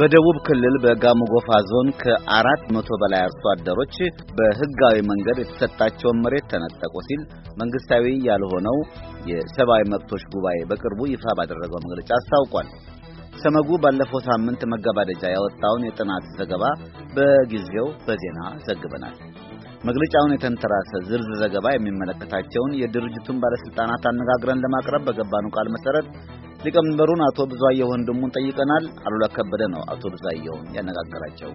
በደቡብ ክልል በጋሞ ዞን ከአራት መቶ በላይ አርሶ አደሮች በህጋዊ መንገድ የተሰጣቸውን መሬት ተነጠቁ ሲል መንግስታዊ ያልሆነው የሰብአዊ መብቶች ጉባኤ በቅርቡ ይፋ ባደረገው መግለጫ አስታውቋል። ሰመጉ ባለፈው ሳምንት መገባደጃ ያወጣውን የጥናት ዘገባ በጊዜው በዜና ዘግበናል። መግለጫውን የተንተራሰ ዝርዝር ዘገባ የሚመለከታቸውን የድርጅቱን ባለስልጣናት አነጋግረን ለማቅረብ በገባነው ቃል መሰረት ሊቀመንበሩን አቶ ብዙአየሁ ወንድሙን ጠይቀናል። አሉላ ከበደ ነው አቶ ብዙአየሁን ያነጋገራቸው።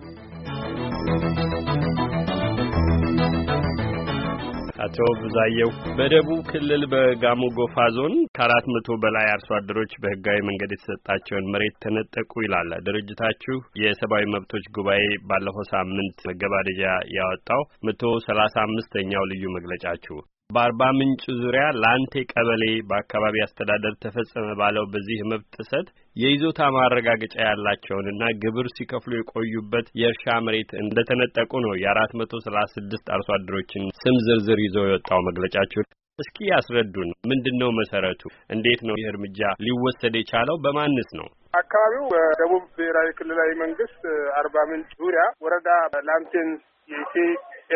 አቶ ብዛየው በደቡብ ክልል በጋሞ ጎፋ ዞን ከአራት መቶ በላይ አርሶ አደሮች በህጋዊ መንገድ የተሰጣቸውን መሬት ተነጠቁ ይላል ድርጅታችሁ። የሰብአዊ መብቶች ጉባኤ ባለፈው ሳምንት መገባደጃ ያወጣው መቶ ሰላሳ አምስተኛው ልዩ መግለጫችሁ በአርባ ምንጭ ዙሪያ ላንቴ ቀበሌ በአካባቢ አስተዳደር ተፈጸመ ባለው በዚህ መብት ጥሰት የይዞታ ማረጋገጫ ያላቸውንና ግብር ሲከፍሉ የቆዩበት የእርሻ መሬት እንደተነጠቁ ነው የአራት መቶ ሰላሳ ስድስት አርሶ አደሮችን ስም ዝርዝር ይዞ የወጣው መግለጫችሁ። እስኪ ያስረዱን፣ ምንድን ነው መሰረቱ? እንዴት ነው ይህ እርምጃ ሊወሰድ የቻለው? በማንስ ነው? አካባቢው በደቡብ ብሔራዊ ክልላዊ መንግስት አርባ ምንጭ ዙሪያ ወረዳ ላንቴን የኢቴ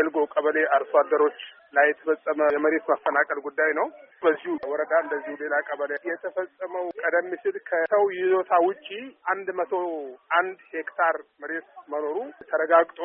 ኤልጎ ቀበሌ አርሶ አደሮች ላይ የተፈጸመ የመሬት ማፈናቀል ጉዳይ ነው። በዚሁ ወረዳ እንደዚሁ ሌላ ቀበሌ የተፈጸመው ቀደም ሲል ከሰው ይዞታ ውጪ አንድ መቶ አንድ ሄክታር መሬት መኖሩ ተረጋግጦ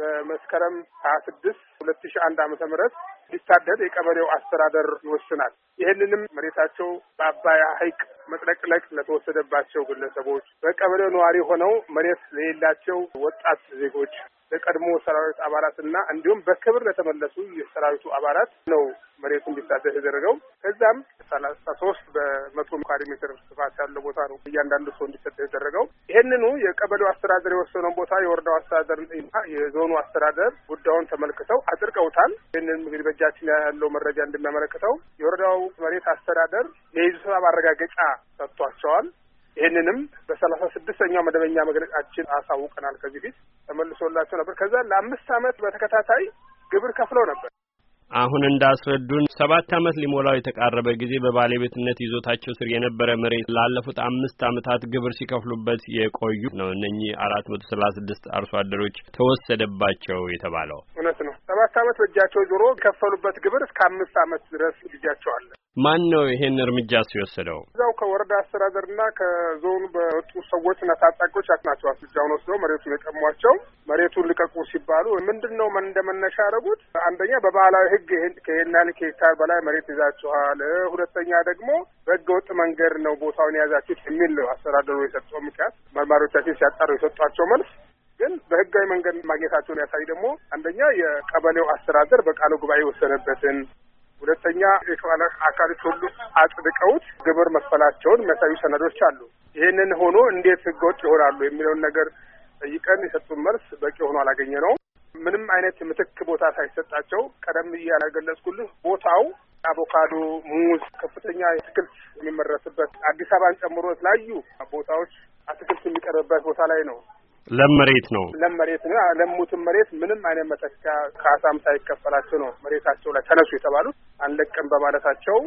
በመስከረም ሀያ ስድስት ሁለት ሺ አንድ አመተ ምህረት ሊታደድ የቀበሌው አስተዳደር ይወስናል። ይህንንም መሬታቸው በአባይ ሐይቅ መጥለቅለቅ ለተወሰደባቸው ግለሰቦች፣ በቀበሌው ነዋሪ ሆነው መሬት ለሌላቸው ወጣት ዜጎች ለቀድሞ ሰራዊት አባላት እና እንዲሁም በክብር ለተመለሱ የሰራዊቱ አባላት ነው መሬቱ እንዲታደስ የተደረገው። ከዚያም ሰላሳ ሶስት በመቶ ካሬ ሜትር ስፋት ያለው ቦታ ነው እያንዳንዱ ሰው እንዲሰደው የተደረገው። ይህንኑ የቀበሌው አስተዳደር የወሰነውን ቦታ የወረዳው አስተዳደር እና የዞኑ አስተዳደር ጉዳዩን ተመልክተው አጥርቀውታል። ይህንን እንግዲህ በእጃችን ያለው መረጃ እንደሚያመለክተው የወረዳው መሬት አስተዳደር የይዞታ አረጋገጫ ሰጥቷቸዋል። ይህንንም በሰላሳ ስድስተኛው መደበኛ መግለጫችን አሳውቀናል ከዚህ ፊት ተመልሶላቸው ነበር። ከዛ ለአምስት ዓመት በተከታታይ ግብር ከፍለው ነበር። አሁን እንዳስረዱን ሰባት አመት ሊሞላው የተቃረበ ጊዜ በባለቤትነት ይዞታቸው ስር የነበረ መሬት ላለፉት አምስት አመታት ግብር ሲከፍሉበት የቆዩ ነው። እነኚህ አራት መቶ ሰላሳ ስድስት አርሶ አደሮች ተወሰደባቸው የተባለው እውነት ነው። ሰባት አመት በእጃቸው ዞሮ የከፈሉበት ግብር እስከ አምስት አመት ድረስ ልጃቸው አለ። ማን ነው ይሄን እርምጃ ሲወሰደው? እዛው ከወረዳ አስተዳደርና ከዞኑ በወጡ ሰዎች እና ታጣቂዎች ናቸው እርምጃውን ወስደው መሬቱን የቀሟቸው። መሬቱን ልቀቁ ሲባሉ ምንድን ነው እንደ ያደረጉት? አንደኛ በባህላዊ ህግ ይሄን ያህል ሄክታር በላይ መሬት ይዛችኋል፣ ሁለተኛ ደግሞ በህገ ወጥ መንገድ ነው ቦታውን የያዛችሁት የሚል አስተዳደሩ የሰጠው ምክንያት መርማሪዎቻችን ሲያጣሩ የሰጧቸው መልስ ግን በህጋዊ መንገድ ማግኘታቸውን ያሳይ ደግሞ አንደኛ የቀበሌው አስተዳደር በቃለ ጉባኤ የወሰነበትን፣ ሁለተኛ የተዋለ አካሎች ሁሉ አጽድቀውት ግብር መክፈላቸውን የሚያሳዩ ሰነዶች አሉ። ይህንን ሆኖ እንዴት ህገወጥ ይሆናሉ የሚለውን ነገር ጠይቀን የሰጡን መልስ በቂ ሆኖ አላገኘ ነው። ምንም አይነት ምትክ ቦታ ሳይሰጣቸው ቀደም ብዬ ቦታው አቮካዶ፣ ሙዝ፣ ከፍተኛ አትክልት የሚመረስበት አዲስ አበባን ጨምሮ የተለያዩ ቦታዎች አትክልት የሚቀርብበት ቦታ ላይ ነው። ለም መሬት ነው። ለም መሬት ነው። ለሙትን መሬት ምንም አይነት መተካ ካሳም ሳይከፈላቸው ነው መሬታቸው ላይ ተነሱ የተባሉት አንለቅም በማለታቸው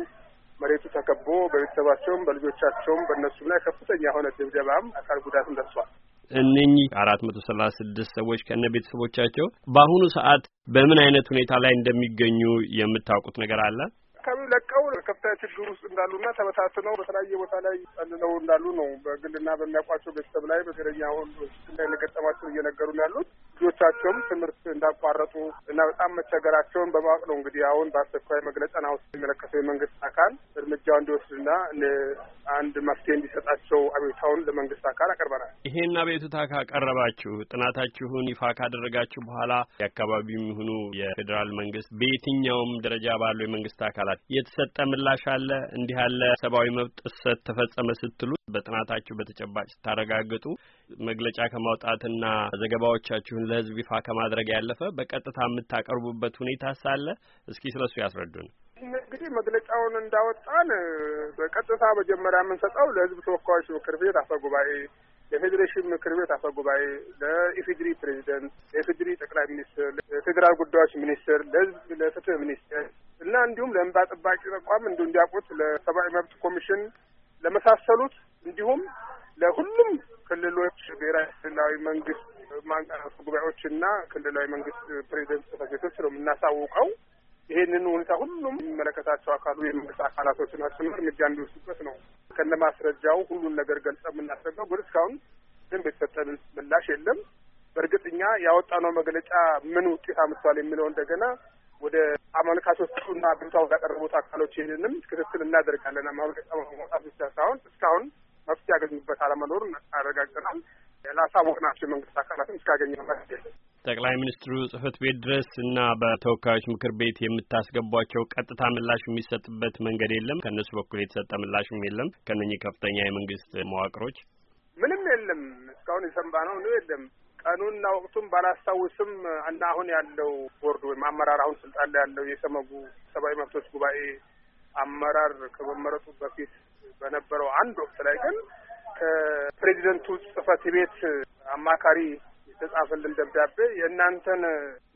መሬቱ ተከቦ በቤተሰባቸውም በልጆቻቸውም በእነሱም ላይ ከፍተኛ የሆነ ድብደባም አካል ጉዳትም ደርሷል። እነኚህ አራት መቶ ሰላሳ ስድስት ሰዎች ከነ ቤተሰቦቻቸው በአሁኑ ሰዓት በምን አይነት ሁኔታ ላይ እንደሚገኙ የምታውቁት ነገር አለ? አካባቢው ለቀው ከፍተኛ ችግር ውስጥ እንዳሉና ተበታትነው በተለያየ ቦታ ላይ ጠልለው እንዳሉ ነው። በግልና በሚያውቋቸው ቤተሰብ ላይ በተለኛ ሁን ላይ እንደገጠማቸው እየነገሩን ያሉት ልጆቻቸውም ትምህርት እንዳቋረጡ እና በጣም መቸገራቸውን በማወቅ ነው እንግዲህ አሁን በአስቸኳይ መግለጫና ውስጥ የሚመለከተው የመንግስት አካል እርምጃው እንዲወስድና አንድ መፍትሄ እንዲሰጣቸው አቤቱታውን ለመንግስት አካል አቀርበናል። ይሄን አቤቱታ ካቀረባችሁ ጥናታችሁን ይፋ ካደረጋችሁ በኋላ የአካባቢው ሆኑ የፌዴራል መንግስት በየትኛውም ደረጃ ባሉ የመንግስት አካላት የተሰጠ ምላሽ አለ? እንዲህ ያለ ሰብአዊ መብት ጥሰት ተፈጸመ ስትሉ በጥናታችሁ በተጨባጭ ስታረጋግጡ መግለጫ ከማውጣትና ዘገባዎቻችሁን ለሕዝብ ይፋ ከማድረግ ያለፈ በቀጥታ የምታቀርቡበት ሁኔታ ሳለ እስኪ ስለሱ ያስረዱን። እንግዲህ መግለጫውን እንዳወጣን በቀጥታ መጀመሪያ የምንሰጠው ለሕዝብ ተወካዮች ምክር ቤት አፈ ጉባኤ የፌዴሬሽን ምክር ቤት አፈ ጉባኤ፣ ለኢፌድሪ ፕሬዚደንት፣ ለኢፌድሪ ጠቅላይ ሚኒስትር፣ ለፌዴራል ጉዳዮች ሚኒስትር፣ ለህዝብ ለፍትህ ሚኒስትር እና እንዲሁም ለእንባ ጠባቂ ተቋም እንዲሁ እንዲያውቁት ለሰብአዊ መብት ኮሚሽን ለመሳሰሉት መንግስት ማንቀሳቀስ ጉባኤዎች እና ክልላዊ መንግስት ፕሬዚደንት ጽሕፈት ቤቶች ነው የምናሳውቀው። ይሄንን ሁኔታ ሁሉም የሚመለከታቸው አካሉ የመንግስት አካላቶችን አስምር እርምጃ እንዲወስበት ነው ከነ ማስረጃው ሁሉን ነገር ገልጸ የምናስረዳው ግን እስካሁን ግን የተሰጠን ምላሽ የለም። በእርግጥ እኛ ያወጣነው መግለጫ ምን ውጤት አምጥቷል የሚለው እንደገና ወደ አመልካቾቹ አመልካቾቹና አቤቱታውን ያቀረቡት አካሎች ይህንንም ክትትል እናደርጋለን። ማመልከቻ ማውጣት ብቻ ሳይሆን እስካሁን መፍትሄ ያገኙበት አለመኖሩን አረጋግጠናል። ናቸው የመንግስት አካላትም እስካገኘ ጠቅላይ ሚኒስትሩ ጽህፈት ቤት ድረስ እና በተወካዮች ምክር ቤት የምታስገቧቸው ቀጥታ ምላሽ የሚሰጥበት መንገድ የለም። ከእነሱ በኩል የተሰጠ ምላሽም የለም። ከነኚህ ከፍተኛ የመንግስት መዋቅሮች ምንም የለም። እስካሁን የሰንባ ነው ነው የለም። ቀኑና ወቅቱም ባላስታውስም እና አሁን ያለው ቦርድ ወይም አመራር አሁን ስልጣን ላይ ያለው የሰመጉ ሰብአዊ መብቶች ጉባኤ አመራር ከመመረጡ በፊት በነበረው አንድ ወቅት ላይ ግን ከፕሬዚደንቱ ጽህፈት ቤት አማካሪ የተጻፈልን ደብዳቤ የእናንተን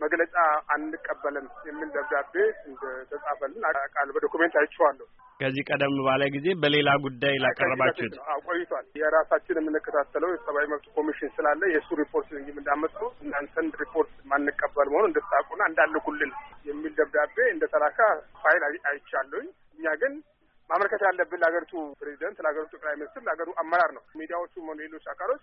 መግለጫ አንቀበልም የሚል ደብዳቤ እንደተጻፈልን አቃል በዶኩሜንት አይቼዋለሁ። ከዚህ ቀደም ባለ ጊዜ በሌላ ጉዳይ ላቀረባችሁት ቆይቷል። የራሳችን የምንከታተለው የሰብአዊ መብት ኮሚሽን ስላለ የእሱ ሪፖርት እንዳመጡ እናንተን ሪፖርት ማንቀበል መሆኑ እንድታቁና እንዳልኩልን የሚል ደብዳቤ እንደተላካ ፋይል አይቻለሁኝ። እኛ ግን ማመልከት ያለብን ለሀገሪቱ ፕሬዚደንት፣ ለሀገሪቱ ጠቅላይ ሚኒስትር፣ ለሀገሩ አመራር ነው። ሚዲያዎቹም ሆኑ ሌሎች አካሎች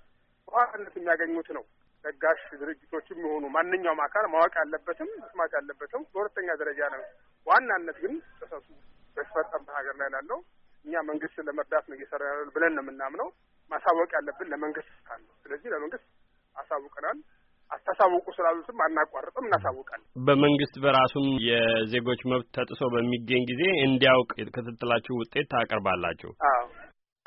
በዋናነት የሚያገኙት ነው። ለጋሽ ድርጅቶችም የሆኑ ማንኛውም አካል ማወቅ ያለበትም መስማት ያለበትም በሁለተኛ ደረጃ ነው። ዋናነት ግን ጥሰቱ በተፈጸመበት ሀገር ላይ ላለው እኛ መንግስት ለመርዳት ነው እየሰራ ያለ ብለን ነው የምናምነው። ማሳወቅ ያለብን ለመንግስት ካለ ስለዚህ ለመንግስት አሳውቀናል። አታሳውቁ ስላሉትም አናቋርጥም፣ እናሳውቃለን። በመንግስት በራሱም የዜጎች መብት ተጥሶ በሚገኝ ጊዜ እንዲያውቅ የክትትላችሁ ውጤት ታቀርባላችሁ። አዎ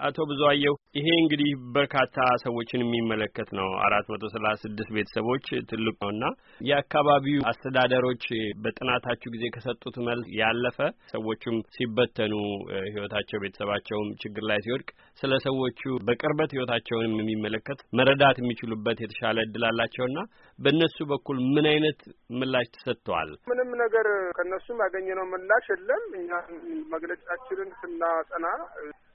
አቶ ብዙአየሁ ይሄ እንግዲህ በርካታ ሰዎችን የሚመለከት ነው። አራት መቶ ሰላሳ ስድስት ቤተሰቦች ትልቅ ነውና የአካባቢው አስተዳደሮች በጥናታችሁ ጊዜ ከሰጡት መልስ ያለፈ ሰዎቹም ሲበተኑ ህይወታቸው ቤተሰባቸውም ችግር ላይ ሲወድቅ ስለ ሰዎቹ በቅርበት ህይወታቸውንም የሚመለከት መረዳት የሚችሉበት የተሻለ እድል አላቸውና በእነሱ በኩል ምን አይነት ምላሽ ተሰጥተዋል? ምንም ነገር ከእነሱም ያገኘነው ምላሽ የለም። እኛ መግለጫችንን ስናጠና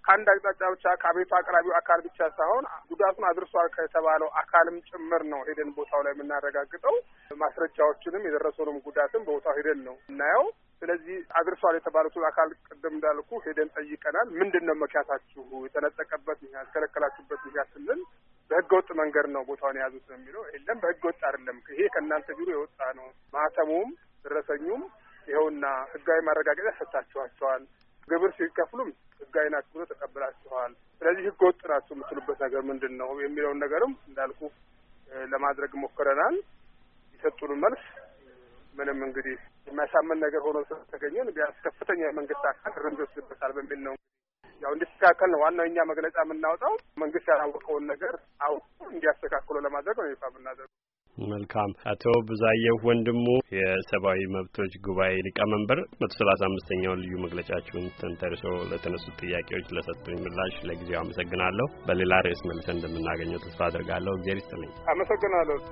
ከአንድ አቅጣጫ ብቻ ከቤቱ አቅራቢው አካል ብቻ ሳይሆን ጉዳቱን አድርሷል ከተባለው አካልም ጭምር ነው ሄደን ቦታው ላይ የምናረጋግጠው። ማስረጃዎችንም የደረሰውንም ጉዳትም በቦታው ሄደን ነው እናየው። ስለዚህ አድርሷል የተባሉት አካል ቅድም እንዳልኩ ሄደን ጠይቀናል። ምንድን ነው መኪያታችሁ የተነጠቀበት ምክንያት ከለከላችሁበት ምክንያት ስንል በህገ ወጥ መንገድ ነው ቦታውን የያዙት ነው የሚለው። የለም በህገ ወጥ አይደለም፣ ይሄ ከእናንተ ቢሮ የወጣ ነው። ማተሙም ደረሰኙም ይኸውና ህጋዊ ማረጋገጫ ሰጥታችኋቸዋል። ግብር ሲከፍሉም ህጋዊ ናችሁ ብሎ ተቀብላችኋል። ስለዚህ ህገ ወጥ ናችሁ የምትሉበት ነገር ምንድን ነው የሚለውን ነገርም እንዳልኩ ለማድረግ ሞክረናል። የሰጡን መልስ ምንም እንግዲህ የሚያሳምን ነገር ሆኖ ስለተገኘን ቢያንስ ከፍተኛ የመንግስት አካል እርምጃ ወስድበታል በሚል ነው ያው እንዲስተካከል ነው ዋናው እኛ መግለጫ የምናወጣው። መንግስት ያላወቀውን ነገር አውቁ እንዲያስተካክሎ ለማድረግ ነው ይፋ የምናደርገው። መልካም አቶ ብዛየሁ ወንድሙ የሰብአዊ መብቶች ጉባኤ ሊቀመንበር መቶ ሰላሳ አምስተኛውን ልዩ መግለጫችሁን ተንተርሶ ለተነሱት ጥያቄዎች ለሰጡኝ ምላሽ ለጊዜው አመሰግናለሁ። በሌላ ርዕስ መልሰን እንደምናገኘው ተስፋ አድርጋለሁ። እግዜር ይስጥልኝ። አመሰግናለሁ።